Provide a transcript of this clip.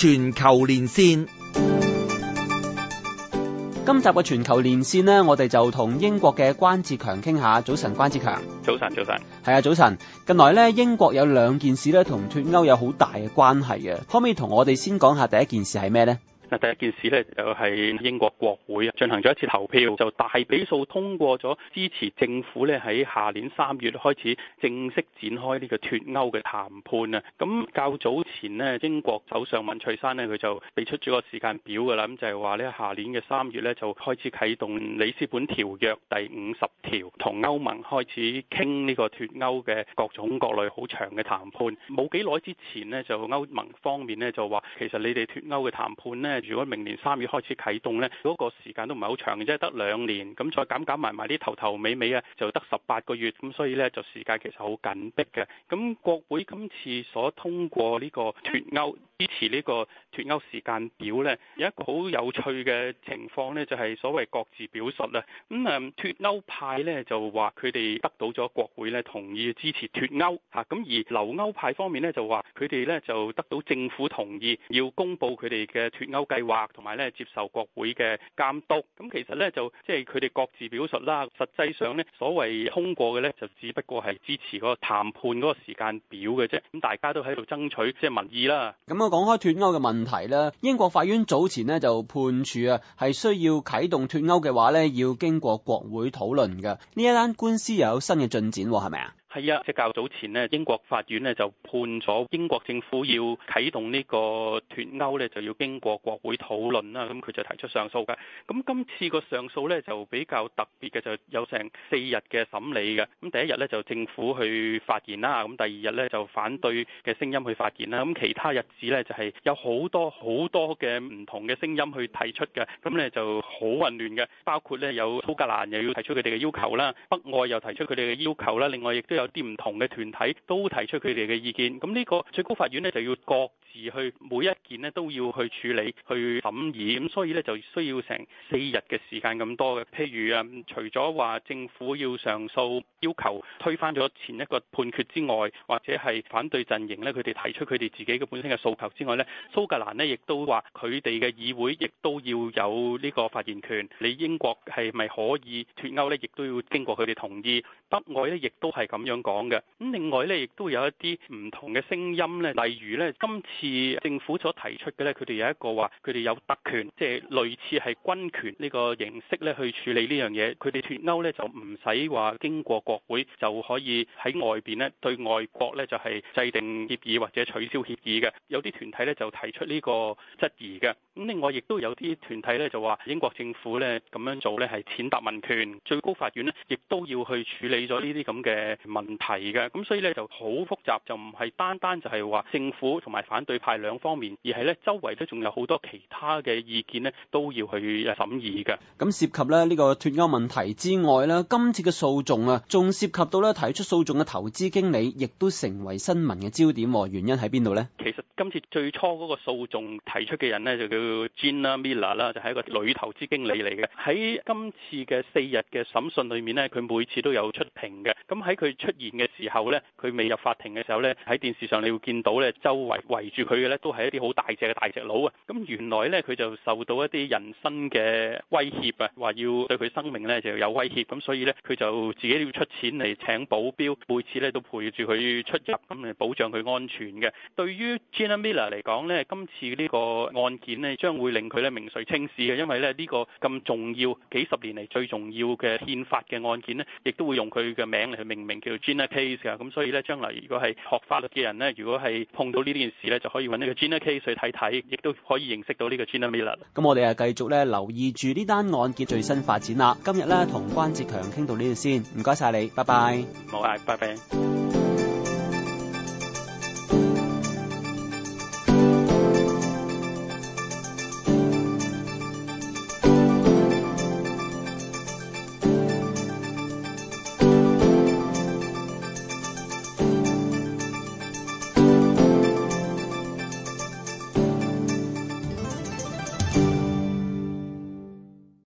全球連線，今集嘅全球連線呢，我哋就同英國嘅關志強傾下。早晨，關志強。早晨，早晨。係啊，早晨。近來咧，英國有兩件事咧，同脫歐有好大嘅關係嘅。可唔可以同我哋先講下第一件事係咩呢？嗱，第一件事咧就係英國國會進行咗一次投票，就大比數通過咗支持政府咧喺下年三月開始正式展開呢個脱歐嘅談判啊。咁較早前呢，英國首相文翠山珊呢，佢就俾出咗個時間表㗎啦，咁就係話呢下年嘅三月咧就開始啟動里斯本條約第五十條，同歐盟開始傾呢個脱歐嘅各種各類好長嘅談判。冇幾耐之前呢，就歐盟方面呢，就話其實你哋脱歐嘅談判呢，如果明年三月開始啟動呢，嗰個時間都唔係好長嘅啫，得兩年，咁再減減埋埋啲頭頭尾尾啊，就得十八個月，咁所以呢，就時間其實好緊迫嘅。咁國會今次所通過呢個脱歐。支持呢個脱歐時間表呢，有一個好有趣嘅情況呢，就係、是、所謂各自表述啦。咁、嗯、誒，脱歐派呢，就話佢哋得到咗國會呢同意支持脱歐嚇，咁、啊、而留歐派方面呢，就話佢哋呢，就得到政府同意要公布佢哋嘅脱歐計劃，同埋呢接受國會嘅監督。咁、嗯、其實呢，就即係佢哋各自表述啦，實際上呢，所謂通過嘅呢，就只不過係支持嗰個談判嗰個時間表嘅啫。咁、嗯、大家都喺度爭取即係、就是、民意啦。咁講開脱歐嘅問題咧，英國法院早前咧就判處啊，係需要啟動脱歐嘅話咧，要經過國會討論嘅。呢一單官司又有新嘅進展，係咪啊？係啊，即係較早前呢，英國法院呢就判咗英國政府要啟動呢個脱歐呢，就要經過國會討論啦。咁佢就提出上訴㗎。咁今次個上訴呢，就比較特別嘅，就有成四日嘅審理嘅。咁第一日呢，就政府去發言啦，咁第二日呢，就反對嘅聲音去發言啦。咁其他日子呢，就係有好多好多嘅唔同嘅聲音去提出嘅。咁呢就好混亂嘅，包括呢有蘇格蘭又要提出佢哋嘅要求啦，北愛又提出佢哋嘅要求啦，另外亦都。有啲唔同嘅團體都提出佢哋嘅意見，咁呢個最高法院呢就要各自去每一件呢都要去處理、去審議，咁所以呢就需要成四日嘅時間咁多嘅。譬如啊，除咗話政府要上訴要求推翻咗前一個判決之外，或者係反對陣營呢，佢哋提出佢哋自己嘅本身嘅訴求之外呢，蘇格蘭呢亦都話佢哋嘅議會亦都要有呢個發言權。你英國係咪可以脱歐呢？亦都要經過佢哋同意。北愛呢亦都係咁。咁樣講嘅。咁另外咧，亦都有一啲唔同嘅聲音咧，例如咧，今次政府所提出嘅咧，佢哋有一個話，佢哋有特權，即係類似係軍權呢個形式咧，去處理呢樣嘢。佢哋脱歐咧就唔使話經過國會就可以喺外邊咧對外國咧就係制定協議或者取消協議嘅。有啲團體咧就提出呢個質疑嘅。咁另外亦都有啲團體咧就話英國政府咧咁樣做咧係踐踏民權。最高法院呢，亦都要去處理咗呢啲咁嘅問題嘅，咁所以咧就好複雜，就唔係單單就係話政府同埋反對派兩方面，而係咧周圍都仲有好多其他嘅意見咧，都要去審議嘅。咁涉及咧呢個脫歐問題之外咧，今次嘅訴訟啊，仲涉及到咧提出訴訟嘅投資經理，亦都成為新聞嘅焦點。原因喺邊度呢？其實今次最初嗰個訴訟提出嘅人呢，就叫 Gina Miller 啦，就係一個女投資經理嚟嘅。喺今次嘅四日嘅審訊裏面呢，佢每次都有出庭嘅。咁喺佢。出現嘅時候呢，佢未入法庭嘅時候呢，喺電視上你會見到呢，周圍圍住佢嘅呢都係一啲好大隻嘅大隻佬啊！咁原來呢，佢就受到一啲人身嘅威脅啊，話要對佢生命呢就有威脅，咁所以呢，佢就自己要出錢嚟請保鏢，每次呢都陪住佢出入，咁嚟保障佢安全嘅。對於 Gina Miller 嚟講呢，今次呢個案件呢將會令佢咧名垂青史嘅，因為咧呢個咁重要幾十年嚟最重要嘅憲法嘅案件呢，亦都會用佢嘅名嚟去命名叫。Gina case 啊，咁所以咧，將來如果係學法律嘅人咧，如果係碰到呢件事咧，就可以揾呢個 Gina case 去睇睇，亦都可以認識到呢個 Gina Miller。咁我哋啊，繼續咧留意住呢單案件最新發展啦。今日咧，同關志強傾到呢度先，唔該晒你，拜拜。好啊，拜拜。